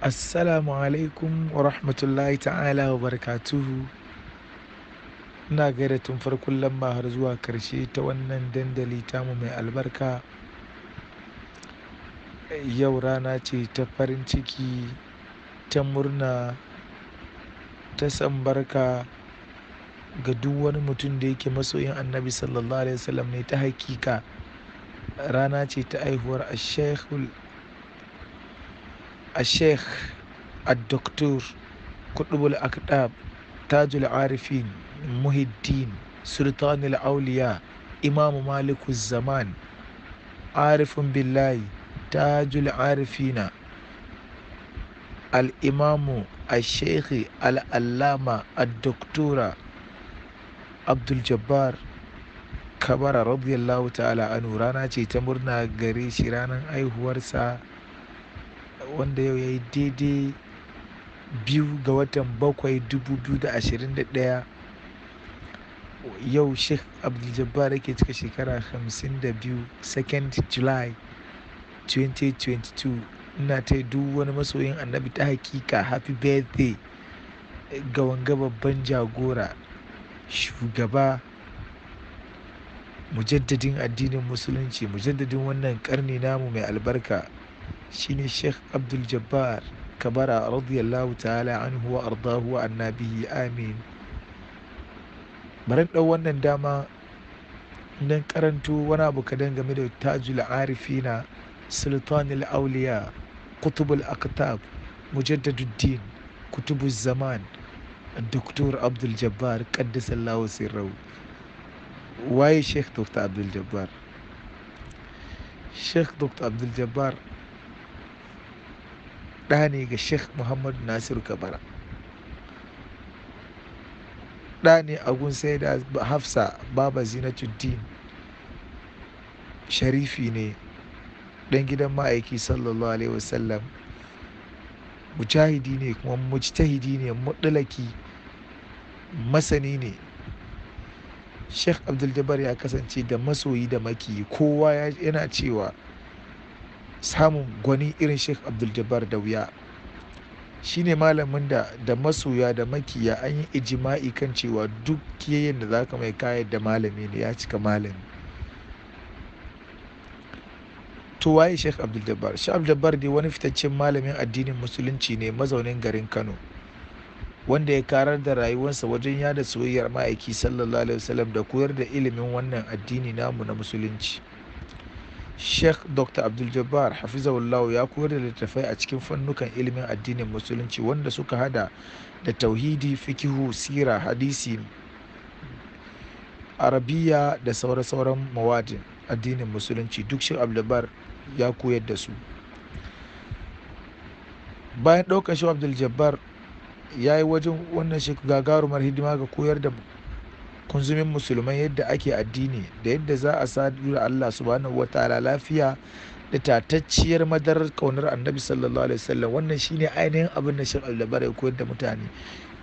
assalamu alaikum wa rahmatullahi ta'ala wa barakatuhu ina gaida tun farkon lamba har zuwa karshe ta wannan dandali tamu mai albarka yau rana ce ta farin ciki ta murna ta sambarka ga duk wani mutum da yake masoyin annabi sallallahu alaihi wasallam ne ta hakika rana ce ta aihuwar a الشيخ الدكتور قطب الأكتاب تاج العارفين محي الدين سلطان الأولياء إمام مالك الزمان عارف بالله تاج العارفين الإمام الشيخ الألامة الدكتورة عبد الجبار كبر رضي الله تعالى عنه رانا تمرنا murna رانا أي ranar wanda yau ya yi daidai biyu ga watan bakwai dubu biyu da ashirin da ɗaya yau sheikh abdul-jabbar yake cika shekara hamsin da biyu 2 july 2022 ina ta duk wani masoyin annabi ta hakika happy birthday ga wanga babban jagora shugaba mujaddadin addinin musulunci mujaddadin wannan karni namu mai albarka شنو الشيخ عبد الجبار كبر رضي الله تعالى عنه وارضاه وعنا به امين برن دو wannan dama dan karantu wani abu kadan game da tajul arifin sultan al awliya kutub al aqtab الدكتور عبد الجبار قدس الله سره واي شيخ دكتور عبد الجبار شيخ دكتور عبد الجبار ɗa ne ga sheikh muhammadu nasiru kabara ɗa ne a gun sai da hafsa baba zinatuddin sharifi ne ɗan gidan ma'aiki sallallahu alaihi wasallam mujahidi ne kuma mujtahidi ne mudalaki masani ne sheikh abdul ya kasance da masoyi da maki kowa yana cewa samun gwani irin sheikh abdul-jabbar da wuya shi ne malamin da da masoya da makiya an yi ijima'i kan cewa duk kiyayen da za ka mai kayan da malami ne ya cika malami to waye sheikh abdul-jabbar sheikh abdul-jabbar dai wani fitaccen malamin addinin musulunci ne mazaunin garin kano wanda ya karar da rayuwarsa wajen yada soyayyar ma'aiki sallallahu alaihi wasallam da koyar da ilimin wannan addini namu na musulunci sheikh dr abdul jabbar hafizahullah ya koyar da littattafai a cikin fannukan ilimin addinin musulunci wanda suka hada da tauhidi fikihu sira hadisi arabiya da sauran-sauran mawadin addinin musulunci duk sheikh abdulbar ya koyar da su bayan daukar sheikh abdul jabbar ya yi wajen wannan gagarumar hidima ga koyar da kunzumin musulmai yadda ake addini da yadda za a sadu da Allah subhanahu ta'ala lafiya da tatacciyar madarar kaunar annabi sallallahu alaihi wasallam wannan shine ainihin abin da shan aldabar ya koyar da mutane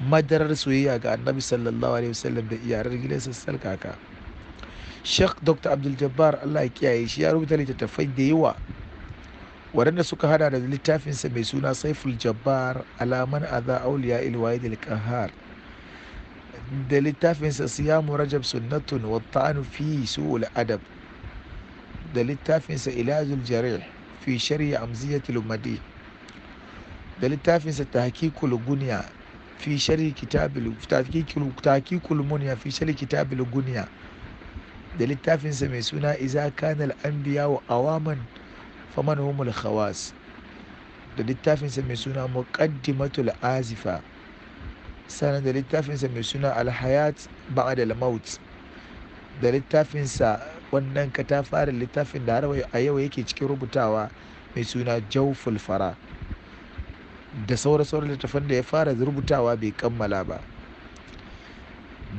madarar soyayya ga annabi sallallahu alaihi wasallam da iyalar gidansa sarkaka sheikh dr abdul jabbar allah ya kiyaye shi ya rubuta littattafai da yawa waɗanda suka hada da littafinsa mai suna saiful jabbar alaman aza auliya ilwaye da da littafinsa siyamu rajab sunnatun wa ta'anu fi su'ul adab da littafinsa ilazul jarih fi shari'a amziyatul madi da littafinsa tahqiqul gunya fi shari'a kitabil tahqiqul tahqiqul fi shari'a kitabil gunya da littafinsa mai suna iza kanal anbiya wa awaman faman humul khawas da littafinsa mai suna muqaddimatul azifa sannan da littafinsa mai suna alhayat da maut da littafinsa wannan ka ta fara littafin da har a yau yake cikin rubutawa mai suna jauful fara da sauran littafin da ya fara rubutawa bai kammala ba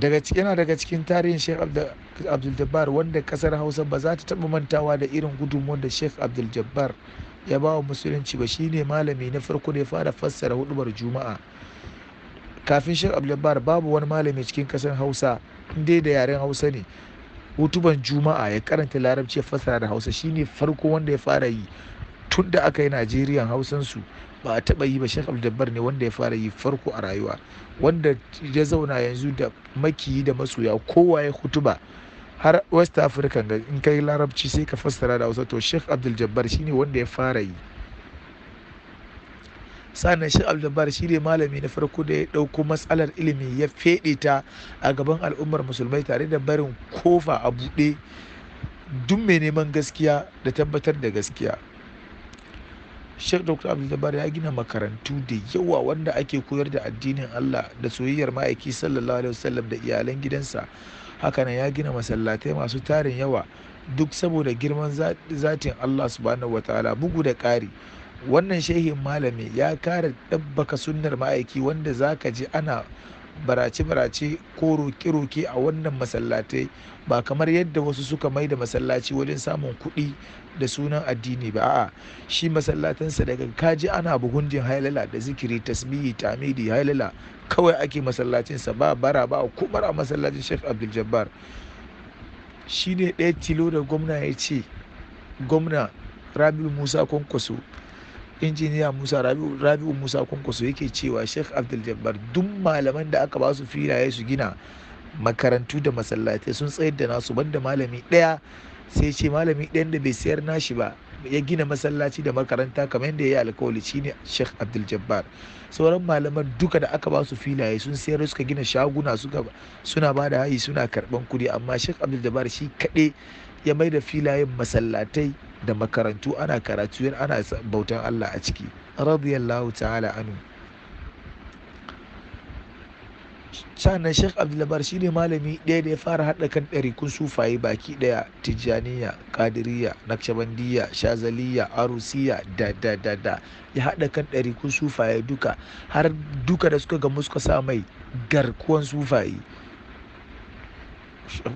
daga yana daga cikin tarihin sheikh abdul-jabbar wanda kasar hausa ba za ta taba mantawa da irin gudunmuwar da sheikh abdul-jabbar ya ba wa musulunci ba shine malami na farko da ya fara fassara hudubar juma'a kafin shek abdulbar babu wani malami cikin kasar hausa inda da yaren hausa ne hutuban juma'a ya karanta larabci ya fassara da hausa shine farko wanda ya fara yi tun da aka yi najeriya su ba a taba yi ba shek abdulbar ne wanda ya fara yi farko a rayuwa wanda ya zauna yanzu da makiyi da masoya kowa ya hutuba har west africa in kai larabci sai ka fassara da hausa to shek abdul jabbar shine wanda ya fara yi sannan shi abdulbar shi ne malami na farko da ya ɗauko matsalar ilimi ya feɗe ta a gaban al'ummar musulmai tare da barin kofa a buɗe duk mai neman gaskiya da tabbatar da gaskiya Sheikh Dr. Abdul ya gina makarantu da yawa wanda ake koyar da addinin Allah da soyayyar ma'aiki sallallahu alaihi wasallam da iyalan gidansa. Hakanan ya gina masallatai masu tarin yawa duk saboda girman zatin Allah subhanahu wataala bugu da ƙari wannan shehin malami ya kare ɗabbaka sunnar ma'aiki wanda za ka ji ana barace-barace ko roke-roke a wannan masallatai ba kamar yadda wasu suka mai da masallaci wajen samun kuɗi da sunan addini ba a shi masallatansa daga kaji ana bugunjin hailala da zikiri tasbihi tamidi hailala kawai ake masallacinsa ba bara ba kumar a masallacin shef abdul jabbar shi ne ɗaya tilo da gwamna ya ce gwamna rabin musa kwankwaso injiniya musa rabi'u musa kwankwaso yake cewa sheikh abdul jabbar duk malaman da aka ba su filaye su gina makarantu da masallatai sun tsayar da nasu banda malami daya sai ce malami ɗayan da bai sayar nashi ba ya gina masallaci da makaranta kamar yadda ya yi alkawali shi sheikh abdul jabbar sauran malaman duka da aka ba su filaye sun sayar suka gina shaguna suna ba da hayi suna karban kudi amma sheikh abdul jabbar shi kaɗai ya mai da filayen masallatai da makarantu ana karatu ana bautan Allah a ciki radiyallahu ta'ala anu sannan sheikh abdullabar shi ne malami ɗaya da ya fara haɗa kan ɗarikun sufaye baki ɗaya tijjaniya kadiriya nakshabandiya shazaliya arusiya da da da da ya haɗa kan ɗarikun sufaye duka har duka da suka ga suka sa mai garkuwan sufaye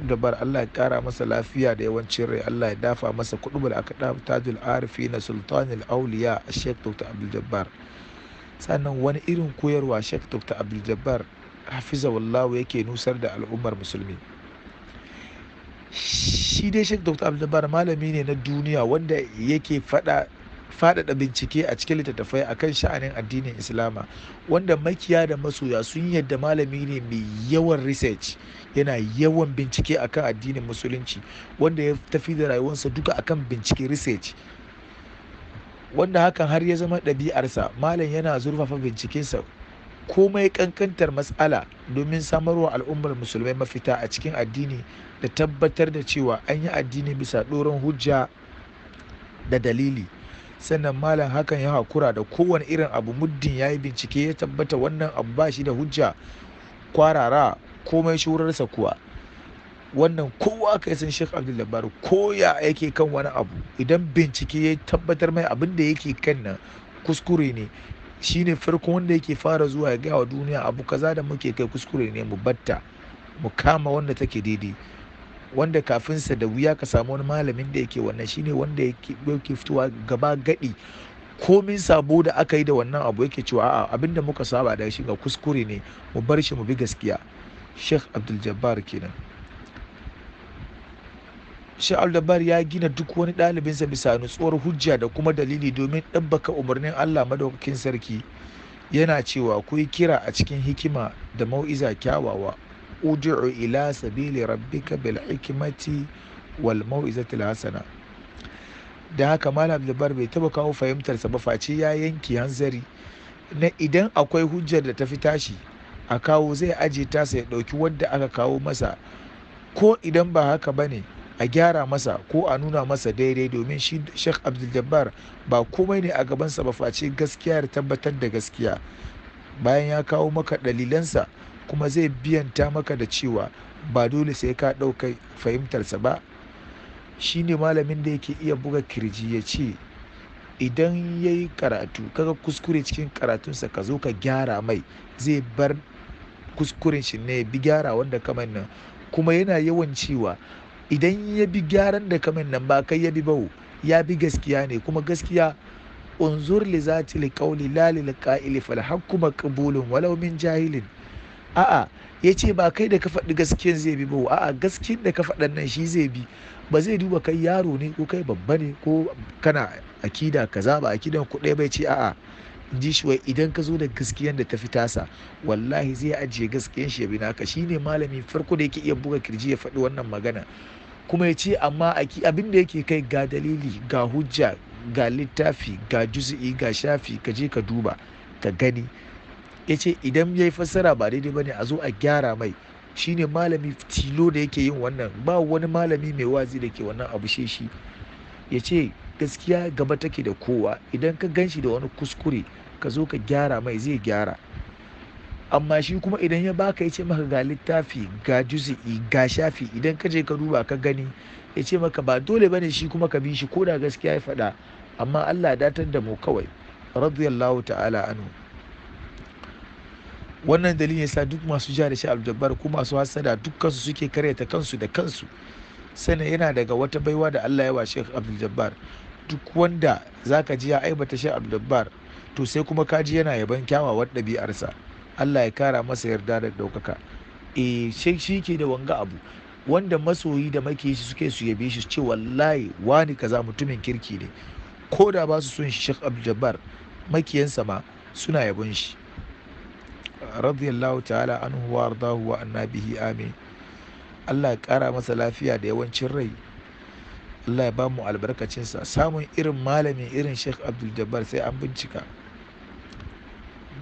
dabar Allah ya kara masa lafiya da yawancin rai Allah ya dafa masa kuɗi da aka dafa tajul arifi na sultanul auliya a sheikh dr abdul jabbar sannan wani irin koyarwa sheikh dr abdul jabbar hafizawallahu yake nusar da al'ummar musulmi shi dai sheikh dr abdul malami ne na duniya wanda yake fada faɗaɗa bincike a cikin littattafai akan sha'anin addinin islama wanda makiya da masoya sun yadda malami ne mai yawan research yana yawan bincike akan addinin musulunci wanda ya tafi da rayuwarsa duka akan bincike research wanda hakan har ya zama ɗabi'arsa malam yana zurfafa bincikensa komai kankantar matsala domin samarwa al'ummar musulmai mafita a cikin addini da tabbatar da cewa an yi addini bisa doron hujja da dalili sannan malam hakan ya hakura da kowane irin abu muddin ya yi bincike ya tabbata wannan abu ba shi da hujja kwarara komai shurarsa kuwa wannan kowa ka san Sheikh Abdul ko ya yake kan wani abu idan bincike ya tabbatar mai abin da yake kan nan kuskure ne shine farko wanda yake fara zuwa ya gaya wa duniya abu kaza da muke kai kuskure ne mu batta mu kama wanda take daidai wanda kafinsa da wuya ka samu wani malamin da yake wannan shine wanda yake fitowa gaba gadi komin sabo da aka yi da wannan abu yake cewa a'a abinda muka saba da shi ga kuskure ne mu bar shi mu bi gaskiya sheikh abdul jabbar kenan sha'ul dabar ya gina duk wani ɗalibinsa bisa nutsuwar hujja da kuma dalili domin ɗabbaka umarnin allah madaukakin sarki yana cewa ku yi kira a cikin hikima da mau'iza kyawawa udu'u ila sabili rabbika bil hikmati wal al hasana da haka malam zubar bai taba kawo fahimtarsa ba face ya yanki hanzari na idan akwai hujjar da ta fi tashi a kawo zai aje ta ya ɗauki wadda aka kawo masa ko idan ba haka bane a gyara masa ko a nuna masa daidai domin shi sheikh abdul-jabbar ba komai ne a gabansa ba face gaskiya da tabbatar da gaskiya bayan ya kawo maka dalilansa kuma zai biyanta maka da cewa ba dole sai ka ɗauka fahimtarsa ba shi ne malamin da yake iya buga kirji ya ce idan ya yi karatu kaga kuskure cikin karatunsa ka zo ka gyara mai zai bar kuskuren shi ne bi gyara wanda kamar nan kuma yana yawan cewa idan ya bi gyaran da kamar nan ba kai ya bi bau ya bi gaskiya ne kuma gaskiya unzur li zati li qawli la lil qa'ili fal hakku maqbulun walau min jahilin a'a ya ce ba kai da ka faɗi gaskiyar zai bi ba a'a gaskiyar da ka faɗan nan shi zai bi ba zai duba kai yaro ne ko kai babba ne ko kana akida kaza ba akidan ku ɗaya bai ce a'a ji shi wai idan ka zo da gaskiyar da ta fi tasa wallahi zai ajiye gaskiyar shi ya bi naka ne malami farko da yake iya buga kirji ya faɗi wannan magana kuma ya ce amma abin da yake kai ga dalili ga hujja ga littafi ga juzi'i ga shafi ka je ka duba ka gani ya ce idan ya yi fassara ba daidai ba ne a zo a gyara mai shi ne malami tilo da yake yin wannan ba wani malami mai wazi da ke wannan abu shi ya ce gaskiya gaba take da kowa idan ka gan shi da wani kuskure ka zo ka gyara mai zai gyara amma shi kuma idan ya baka ya ce maka ga littafi ga juzi'i ga shafi idan ka je ka duba ka gani ya ce maka ba dole bane shi kuma ka bi shi ko da gaskiya ya faɗa amma Allah datar da mu kawai radiyallahu ta'ala anhu wannan dalilin yasa duk masu jihar shi aljabbar ko masu hasada dukkansu suke karyata kansu da kansu sannan yana daga wata baiwa da Allah ya wa Sheikh Abdul duk wanda zaka ji ya aibata shi Abdul Jabbar to sai kuma kaji yana yaban kyawawar ɗabi'arsa Allah ya kara masa yarda da ɗaukaka e shi ke da wanga abu wanda masoyi da maki shi suke su yabe shi ce wallahi wani kaza mutumin kirki ne ko da ba su son Sheikh Abdul Jabbar makiyansa ma suna yabon shi radiyallahu ta'ala anhu wa ardahu wa annabihi amin Allah ya kara masa lafiya da yawancin rai Allah ya bamu albarkacinsa samun irin malami irin Sheikh Abdul Jabbar sai an bincika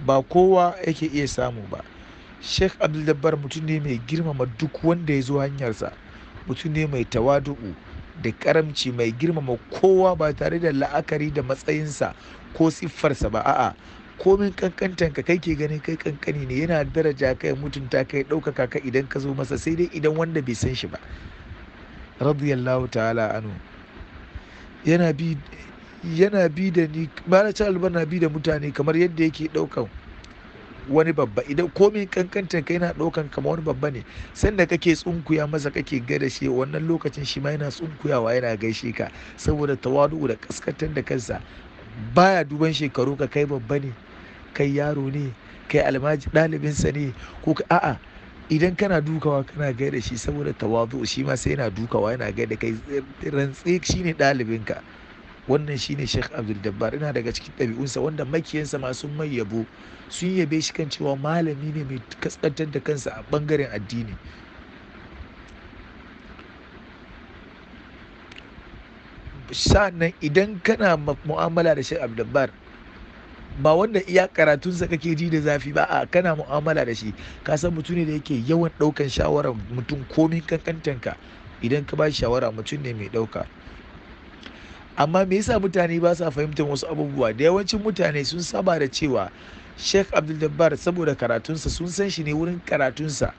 ba kowa yake iya samu ba Sheikh Abdul Jabbar mutum ne mai girmama duk wanda ya zo hanyarsa mutum ne mai tawadu'u da karamci mai girmama kowa ba tare da la'akari da matsayinsa ko siffarsa ba a'a komin kankantan ka kai ke ganin kai kankani ne yana daraja kai mutunta kai ɗaukaka ka idan ka zo masa sai dai idan wanda bai san shi ba radiyallahu ta'ala anu yana bi yana bi da ni cewa na bi da mutane kamar yadda yake ɗaukan wani babba idan komin kankantar ka yana ɗaukan kama wani babba ne sanda kake tsunkuya masa kake gada shi wannan lokacin shi ma yana tsunkuyawa yana gaishe ka saboda tawadu da kaskantar da kansa baya duban shekaru ka kai babba ne kai yaro ne kai almaji ɗalibinsa ne ko a'a idan kana dukawa kana gai da shi saboda tawazu shi ma sai yana dukawa yana gaida kai rantse shine ɗalibinka wannan shine Sheikh Abdul Dabbar ina daga cikin ɗabi'unsa wanda makiyansa masu mai yabo sun yabe shi kan cewa malami ne mai kaskantar da kansa a bangaren addini sa'annan idan kana mu'amala da Sheikh Abdul Dabbar ba wanda iya karatun sa kake ji da zafi ba a kana mu'amala da shi ka san mutum ne da yake yawan daukan shawarar mutum komin kankantanka idan ka ba shawara mutum ne mai dauka. amma me yasa mutane ba sa fahimtar wasu abubuwa da yawancin mutane sun saba da cewa sheikh abdul saboda karatunsa sun san shi ne wurin karatunsa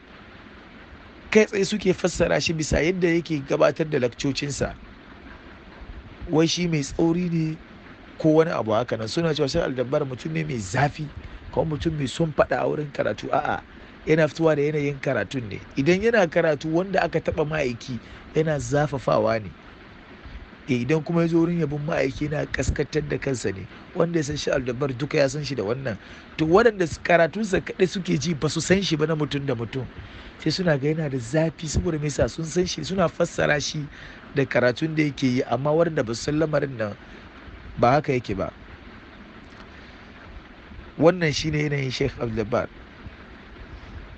kai tsaye suke fassara shi bisa yadda yake gabatar da lakcocinsa wai shi mai tsauri ne ko wani abu haka nan suna cewa sai aljabbar mutum ne mai zafi kawai mutum mai son faɗa a wurin karatu a'a yana fitowa da yanayin karatun ne idan yana karatu wanda aka taɓa ma'aiki yana zafafawa ne eh, idan kuma ya zo wurin yabin ma'aiki na kaskantar da kansa ne wanda ya san shi aljabar duka ya san shi da wannan to waɗanda karatunsa kaɗai suke ji ba su san shi ba na mutum da mutum sai suna ga yana da zafi saboda me yasa sun san shi suna fassara shi da karatun da yake yi amma waɗanda ba su san lamarin nan ba haka yake ba wannan shi ne yanayin sheikh abdulbar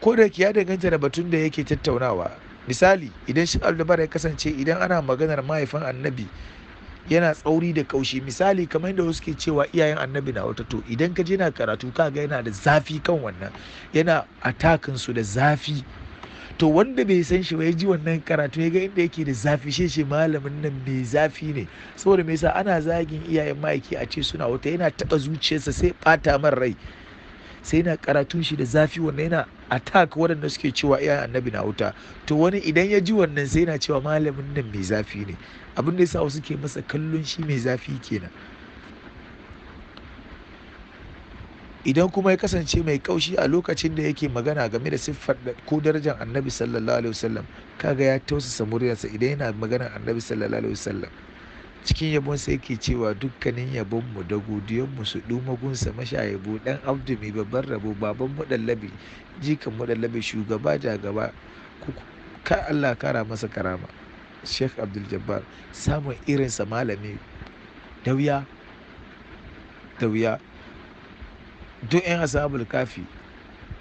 ko da ya danganta da batun da yake tattaunawa misali idan sheikh abdulbar ya kasance idan ana maganar mahaifin annabi yana tsauri da kaushi misali kamar yadda wasu ke cewa iyayen annabi na wata to idan ka je na karatu kaga yana da zafi kan wannan yana atakin su da zafi to wanda bai san shi ba ya ji wannan karatu ya ga inda yake da zafi shi shi malamin nan mai zafi ne saboda mai sa ana zagin iyayen ma'aiki a ce suna wata yana taɓa zuciyarsa sai ɓata man rai sai yana karatun shi da zafi wannan yana attack waɗanda suke cewa iyayen annabi na wuta to wani idan ya ji wannan sai yana cewa malamin nan mai zafi ne abin da yasa wasu ke masa kallon shi mai zafi kenan idan kuma ya kasance mai kaushi a lokacin da yake magana game da siffar da ko darajar annabi sallallahu alaihi wasallam kaga ya tausasa muryarsa idan yana magana annabi sallallahu alaihi wasallam cikin yabon sai yake cewa dukkanin yabon mu da godiyon mu su dumagunsa mashayabo dan abdu mai babban rabo baban mu dallabi jikan mu dallabi shugaba jagaba ka Allah kara masa karama Sheikh Abdul Jabbar samun irinsa malami da wuya duk yan ashabul kafi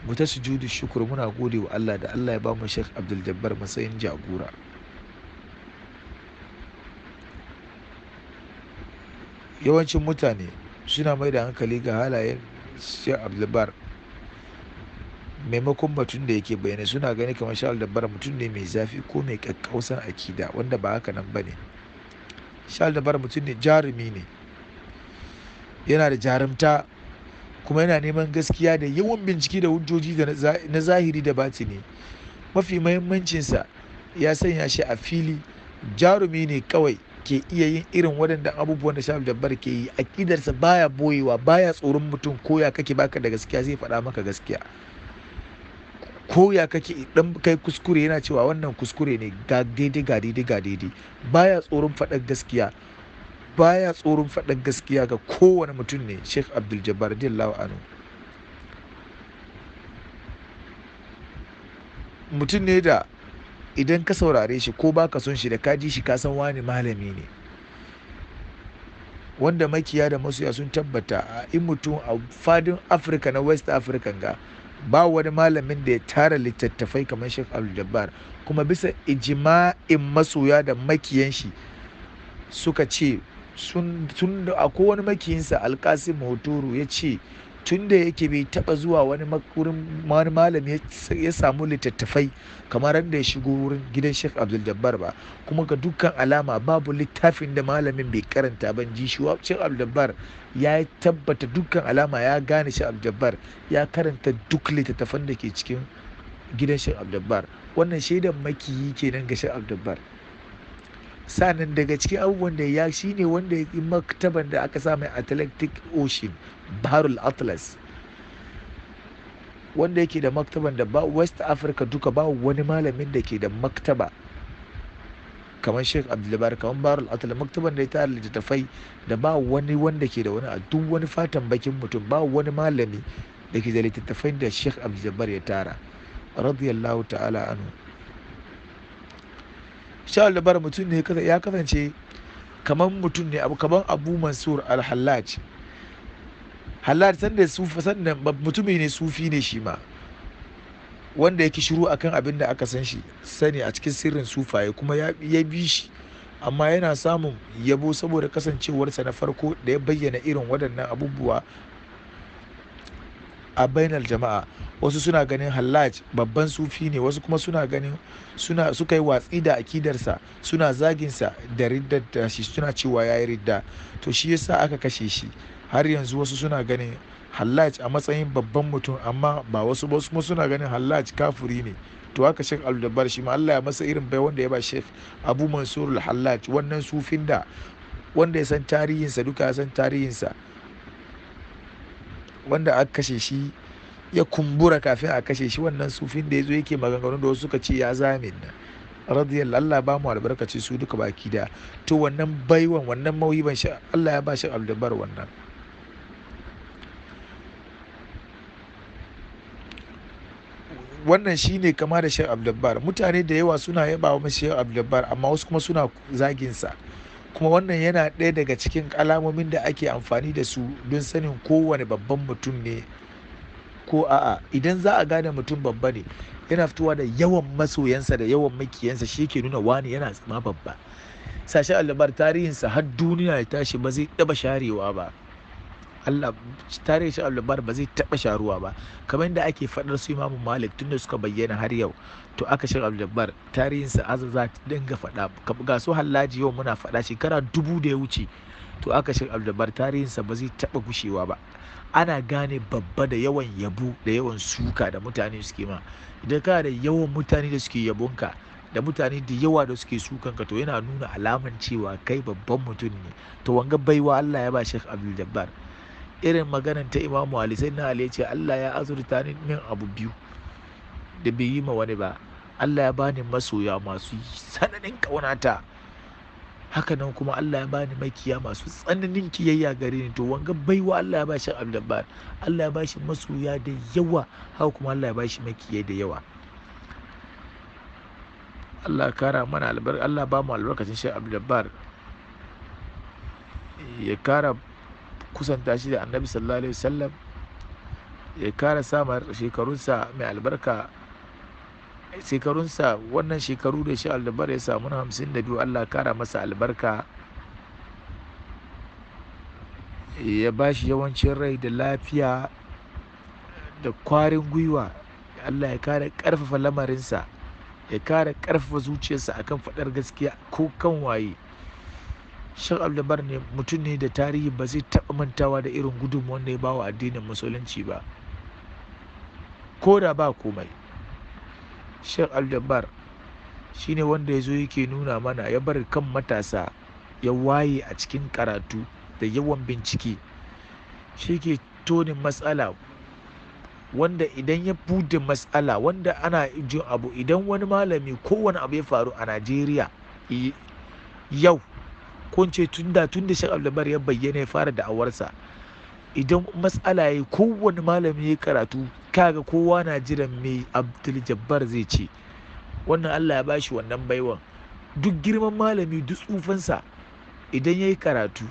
mu ta sujudu shukuru muna gode wa Allah da Allah ya ba mu Sheikh Abdul Jabbar matsayin jagora yawancin mutane suna mai da hankali ga halayen Sheikh Abdul Jabbar maimakon batun da yake bayyana suna gani kamar Sheikh Abdul Jabbar mutum ne mai zafi ko mai kakkausan akida wanda ba haka nan bane Sheikh Abdul Jabbar mutum ne jarumi ne yana da jarumta kuma yana neman gaskiya da yawan bincike da hujjoji na zahiri da batini mafi mahimmancinsa ya sanya shi a fili jarumi ne kawai ke iya yin irin waɗanda abubuwan da shafi jabbar ke yi a akidarsa baya boyewa baya tsoron mutum ko ya kake baka da gaskiya zai faɗa maka gaskiya ko ya kake dan kai kuskure yana cewa wannan kuskure ne ga daidai ga daidai ga daidai baya tsoron faɗar gaskiya baya tsoron faɗin gaskiya ga kowane mutum ne sheikh abdul jabbar mutum ne da idan ka saurare shi ko baka son shi da ka ji shi ka san wani malami ne wanda makiya da masoya sun tabbata a in mutum a fadin afirka na west africa ga ba wani malamin da ya tara littattafai kamar sheikh abdul kuma bisa ijima'in masoya da makiyan shi suka ce sun akwai wani makiyinsa alkasim hoturu ya ce tun da yake bai taba zuwa wani wani malam ya samu littattafai kamar da ya shigo wurin gidan Sheikh Abdul Jabbar ba kuma ga dukkan alama babu littafin da malamin bai karanta ban ji shi Sheikh Abdul Jabbar ya tabbata dukkan alama ya gane Sheikh Abdul Jabbar ya karanta duk littattafan da ke cikin gidan Sheikh Abdul Jabbar wannan shaidan makiyi kenan ga Sheikh Abdul Jabbar sanin daga cikin abubuwan da ya shi ne wanda ya yi maktaban da aka sa mai atlantic ocean baharul atlas wanda yake da maktaban da ba west africa duka ba wani malamin da ke da maktaba kamar sheikh abdulbar kamar barul atlas maktaban da ya tara littattafai da ba wani wanda ke da wani a duk wani fatan bakin mutum ba wani malami da ke da littattafai da sheikh abdulbar ya tara radiyallahu ta'ala anhu shawar da bara mutum ne ya kasance kamar mutum ne abu kamar abu mansur al-hallaj hallaj sanda mutumi ne sufi ne shi ma wanda yake shiru akan abin da aka san shi sani a cikin sirrin sufaye kuma ya bi shi amma yana samun yabo saboda kasancewarsa na farko da ya bayyana irin waɗannan abubuwa a bainar jama'a wasu suna ganin halaj babban sufi ne wasu kuma suna ganin suna suka yi watsi da akidarsa suna zaginsa da riddar da shi suna cewa ya yi ridda to shi yasa aka kashe shi har yanzu wasu suna ganin hallaj a matsayin babban mutum amma ba wasu ba kuma suna ganin hallaj kafuri ne to haka shek aldabar shi ma allah ya masa irin bai wanda ya ba shek abu mansur hallaj wannan sufin da wanda ya san tarihinsa duka ya san tarihinsa wanda aka kashe shi ya kumbura kafin a kashe shi wannan sufin da ya zo yake maganganu da wasu suka ce ya zame na radiyallahu Allah ba mu albarkaci su duka baki da to wannan baiwan wannan mawiban shi Allah ya ba shi aldabar wannan wannan shine kama da Sheikh Abdulbar mutane da yawa suna yaba wa Sheikh Abdulbar amma wasu kuma suna zagin sa kuma wannan yana ɗaya daga cikin alamomin da ake amfani da su don sanin kowane babban mutum ne ko a'a idan za a gane mutum babba ne yana fitowa da yawan masoyansa da yawan makiyansa shi ke nuna wani yana tsama babba sashe albar tarihinsa har duniya ya tashi ba zai taba sharewa ba Allah tarihin shi albar ba zai taɓa sharuwa ba kamar yadda ake faɗar su imamu malik tunda suka bayyana har yau to aka shiga abdulbar tarihinsa azu za ta dinga faɗa ga su hallaji yau muna faɗa shekara dubu da ya wuce to aka shiga abdulbar tarihinsa ba zai taɓa gushewa ba ana gane babba da yawan yabo da yawan suka da mutane suke ma idan ka da yawan mutane da suke yabonka da mutane da yawa da suke sukanka to yana nuna alaman cewa kai babban mutum ne to wanga baiwa Allah ya ba Sheikh Abdul Jabbar irin maganan ta Imamu Ali sai na Ali ya ce Allah ya azurta ni min abu biyu da bai yi ma wani ba Allah ya bani masoya masu tsananin ƙaunata hakanan kuma Allah ya bani makiya masu tsananin kiyayya gare ni to wanga baiwa Allah ya bashi abdabbar Allah ya bashi masoya da yawa haka kuma Allah ya bashi makiya da yawa Allah kara mana albarka Allah ba mu albarkacin shi Abdulbar ya kara kusanta shi da Annabi sallallahu alaihi wasallam ya kara sa shekarunsa mai albarka shekarunsa wannan shekaru da shi aldabar ya samu na hamsin da biyu allah kara masa albarka ya ba shi yawancin rai da lafiya da kwarin gwiwa allah ya kara karfafa lamarinsa ya kara karfafa zuciyarsa akan faɗar gaskiya ko kan waye shan abdulbar ne mutum ne da tarihi ba zai taɓa mantawa da irin gudunmu wanda ya bawa addinin musulunci ba ko da ba komai sheikh aljabbar shine wanda ya zo yake nuna mana ya bar kan matasa ya waye a cikin karatu da yawan bincike shi ke tonin matsala wanda idan ya bude matsala wanda ana jin abu idan wani malami kowane abu ya faru a najeriya yau ko ce tun shek abdulbar ya bayyana ya fara da'awarsa idan matsala ya yi kowane malami ya karatu kaga kowa na jiran me abdul jabbar zai ce wannan allah ya bashi wannan baiwan duk girman malami duk tsufansa idan ya yi karatu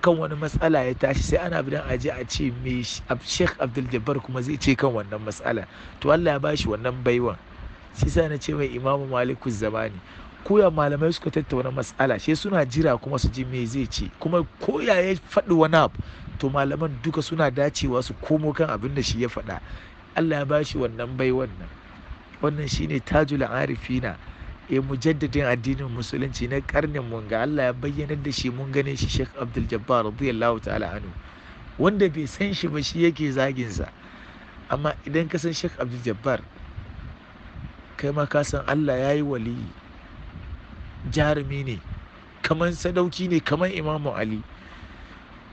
kan wani matsala ya tashi sai ana bidan aje a ce me sheikh abdul jabbar kuma zai ce kan wannan matsala to allah ya bashi wannan baiwan shi na ce mai imamu maliku zamani koya malamai suka tattauna matsala shi suna jira kuma su ji me zai ce kuma koya ya faɗi wani abu to malaman duka suna dacewa su komo kan abin da shi ya faɗa Allah ya bashi wannan bai wannan wannan shine tajul arifina e mujaddadin addinin musulunci na karnin mun ga Allah ya bayyana da shi mun gane shi Sheikh Abdul Jabbar radiyallahu ta'ala anhu wanda bai san shi ba shi yake zagin sa amma idan ka san Sheikh Abdul Jabbar kai ma ka san Allah yayi waliyi jarumi ne kamar sadauki ne kamar imamu ali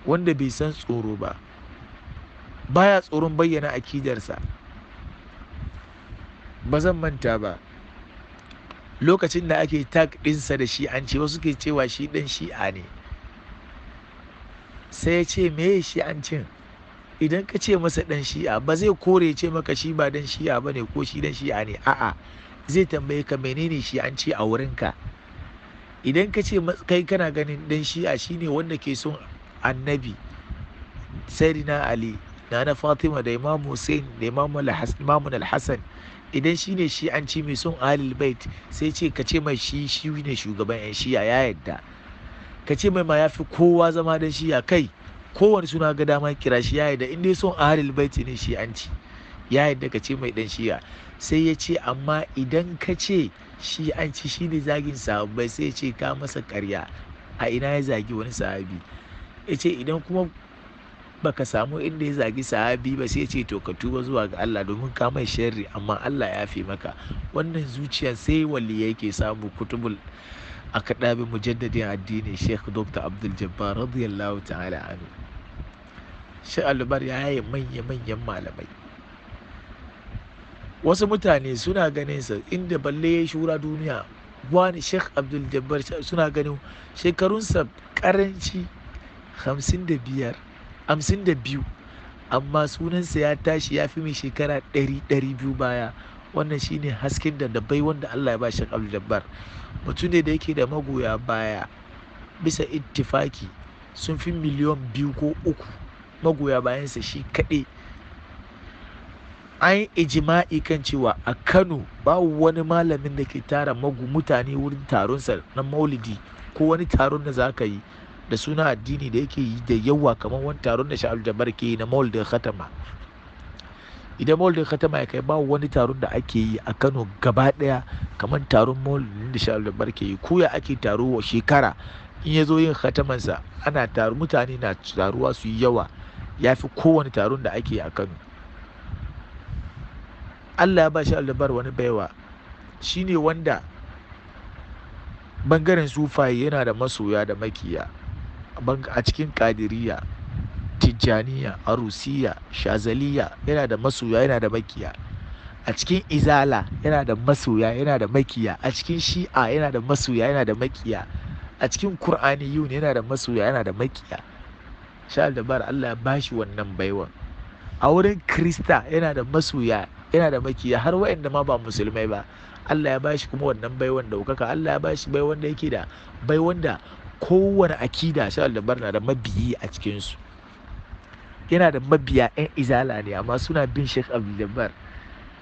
wanda bai san tsoro ba baya tsoron bayyana akidarsa ba zan manta ba lokacin da ake tag ɗinsa da shi an ce wasu ke cewa shi ɗan shi'a ne sai ya ce me ya shi an cin idan ka ce masa ɗan shi'a ba zai kore ce maka shi ba ɗan shi'a ba ne ko shi ɗan shi'a ne a'a zai tambaye ka menene shi an ce a wurinka idan ka ce kai kana ganin dan shi ne wanda ke son annabi sayyidina ali na na fatima da imam hussein da imam al-hassan idan ne shi an ci mai son alil bait sai ce ka ce mai shi shi ne shugaban yan shi'a ya yadda ka ce mai ma ya fi kowa zama dan shi'a kai kowane suna ga dama kira shi ya yadda in dai son alil bait ne shi an ci ya yadda ka ce mai dan shi'a sai ya ce amma idan ka ce shi an ci shi ne zagin sahabbai sai ya ce ka masa karya a ina ya zagi wani sahabi ya ce idan kuma baka samu inda ya zagi sahabi ba sai ya ce to ka tuba zuwa ga Allah domin ka mai sharri amma Allah ya fi maka wannan zuciya sai wali yake samu kutubul a kaɗabi mujaddadin addini Sheikh Dr. Abdul Jabbar radiyallahu ta'ala anhu Sheikh Albar ya yi manya-manyan malamai wasu mutane suna ganin sa inda balle ya shura duniya wani sheikh abdul jabbar suna ganin shekarunsa karanci 52 amma sunansa ya tashi ya fi mai shekara 100-200 baya wannan shine hasken da da bai wanda Allah ya ba Sheikh Abdul Jabbar mutum ne da yake da magoya baya bisa ittifaki sun fi miliyan biyu ko uku magoya bayansa shi kaɗai an yi ijima'i kan cewa a kano babu wani malamin da ke tara magu mutane wurin taronsa na maulidi ko wani taron da za ka yi da suna addini da yake yi da yawa kamar wani taron da sha'alu da ke na maulidin khatama idan maulidin khatama ya kai babu wani taron da ake yi a kano gaba daya kamar taron maulidin da sha'alu da ke yi ko ya ake taro wa shekara in ya zo yin khatamansa ana taro mutane na taruwa su yi yawa ya fi kowane taron da ake yi a kano Allah ya ba shi aldabar wani baiwa shine wanda bangaren sufaye yana da masoya da makiya a cikin kadiriya tijjaniya arusiya shazaliya yana da masoya yana da makiya a cikin izala yana da masoya yana da makiya a cikin shi'a yana da masoya yana da makiya a cikin kur'ani yun yana da masoya yana da makiya sha aldabar Allah ya bashi wannan baiwan a wurin krista yana da masoya yana da makiya har waɗanda ma ba musulmai ba Allah ya bashi kuma wannan baiwan ukaka Allah ya bashi baiwan da yake da baiwan da kowane akida shi aldabar na da mabiyi a cikinsu yana da mabiya 'yan izala ne amma suna bin sheikh abdul yana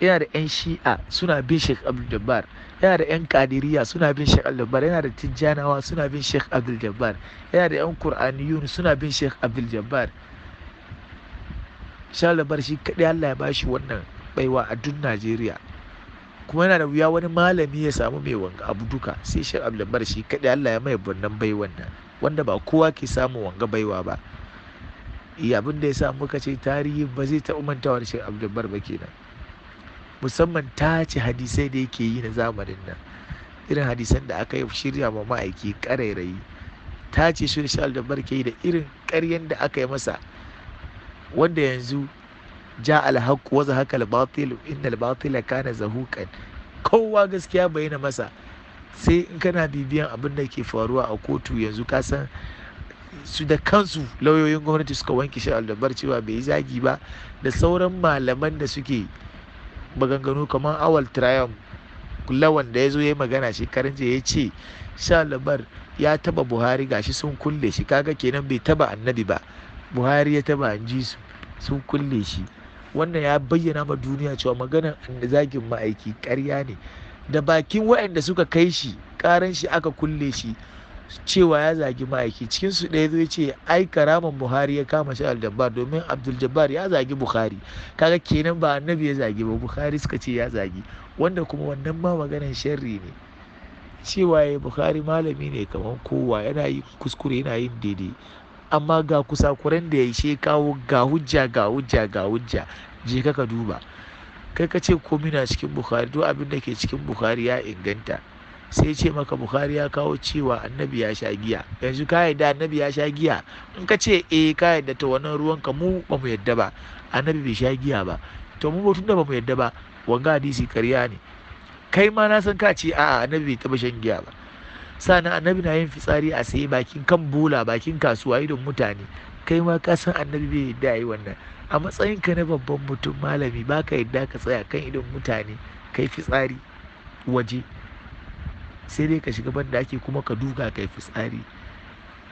da 'yan shi'a suna bin sheikh abdul jabbar yana da 'yan kadiriya suna bin sheikh abdul jabbar yana da tijjanawa suna bin sheikh abdul jabbar yana da 'yan qur'aniyun suna bin sheikh abdul jabbar shalabar shi kaɗai allah ya bashi wannan baiwa a duk najeriya kuma yana da wuya wani malami ya samu mai wanga abu duka sai shi abdulbar shi kaɗai allah ya mai wannan baiwan nan wanda ba kowa ke samun wanga baiwa ba eh, abin da ya sa muka ce tarihi ba zai taɓa mantawa shi abdulbar ba kenan musamman tace hadisai da yake yi na zamanin nan irin hadisan da aka yi shirya ma ma'aiki ƙarairayi tace shi da shi abdulbar ke yi da irin ƙaryen da aka yi masa wanda yanzu ja alhaq wa zahaka albatil innal batila kana kowa gaskiya bayyana masa sai in kana bibiyan abin da ke faruwa a kotu yanzu ka san su da kansu lauyoyin gwamnati suka wanke shi aldabar cewa bai yi zagi ba da sauran malaman da suke maganganu kamar awal trium lawan da ya zo ya yi magana shekarun jiya ya ce shalabar ya taba buhari gashi sun kulle shi kaga kenan bai taba annabi ba buhari ya taba an ji su sun kulle shi wannan ya bayyana ma duniya cewa maganar zagin ma'aiki ƙarya ne da bakin waɗanda suka kai shi ƙaran shi aka kulle shi cewa ya zagi ma'aiki cikin su ɗaya zai ce ai karaman buhari ya kama shi aljabbar domin abdul ya zagi buhari kaga kenan ba annabi ya zagi ba buhari suka ce ya zagi wanda kuma wannan ma maganar sharri ne cewa ya buhari malami ne kamar kowa yana yi kuskure yana yin daidai amma ga kusa kusakuran da ya ishe kawo ga hujja ga hujja ga hujja je ka duba kai ka ce komi na cikin bukhari duk abin da ke cikin bukhari ya inganta sai ce maka bukhari ya kawo cewa annabi ya sha giya yanzu ka yadda annabi ya sha giya in ka ce eh ka yadda ta wannan ruwan ka mu ba mu yadda ba annabi bai sha giya ba to mu tun da ba mu yadda ba wanga hadisi karya ne kai ma na san ka ce a'a annabi bai taba shan giya ba sanin annabi na yin fitsari a saye bakin kan bola bakin kasuwa idon mutane kai ma kasan annabi bai yadda yi wannan a matsayin ka na babban mutum malami baka yadda ka tsaya kan idon mutane kai fitsari waje sai dai ka shiga banda ake kuma ka duka kai fitsari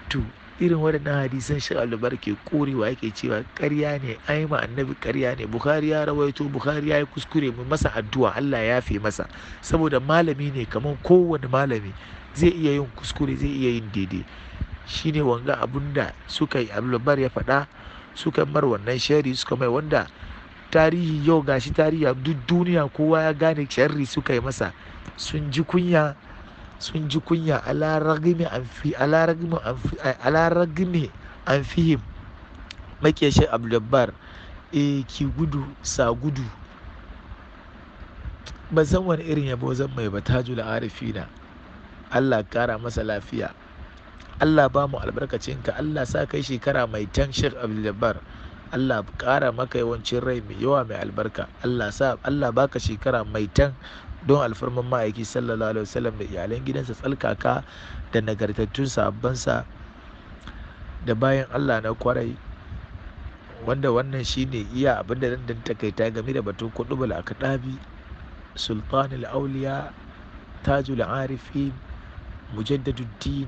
to irin waɗannan hadisan shi alubar ke korewa yake cewa karya ne ai ma annabi karya ne bukhari ya rawaito bukhari ya yi kuskure mu masa addu'a allah ya fi masa saboda malami ne kamar kowane malami zai iya yin kuskure zai iya yin daidai shine wanga abunda suka yi alubar ya faɗa suka mar wannan shari suka mai wanda tarihi yau gashi tarihi duk duniya kowa ya gane sharri suka yi masa sun ji kunya sun ji kunya ala an fihim makeshin abdulbar e eh, ki gudu sa gudu ban san wani irin yabo zan mai ba tajul na. Allah kara masa lafiya Allah ba mu albarkacinka Allah sa kai shekara mai tan Sheikh Abdulbar Allah kara maka yawancin rai mai yawa mai albarka Allah sa Allah baka shekara mai tan don alfarman ma'aiki sallallahu alaihi wasallam da iyalan gidansa tsalkaka da nagartattun sabansa da bayan Allah na kwarai wanda wannan shine iya abin da dan takaita game da batun kadabi akadabi sultanul auliya tajul arifin mujaddaduddin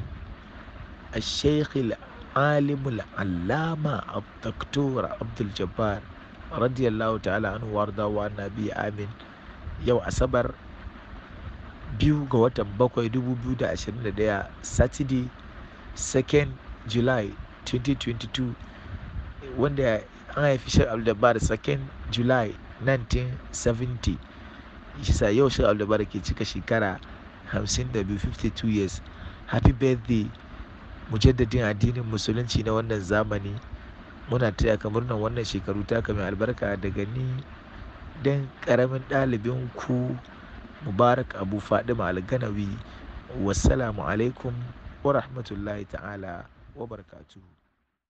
الشيخ العالم العلامة الدكتور عبد الجبار رضي الله تعالى عنه وارضاه na النبي آمين yau asabar biyu ga watan bakwai 2021 saturday 2 july 2022 wanda an haifi shek abdulbar 2nd july 1970 shisa yau shek abdulbar ke cika shekara 52 52 years happy birthday mujaddadin addinin musulunci na wannan zamani muna taya ka murnar wannan shekaru taka mai albarka daga ni dan karamin ɗalibin ku mubarak abu fadima alganawi wasalamu alaikum wa rahmatullahi ta'ala wa barakatuhu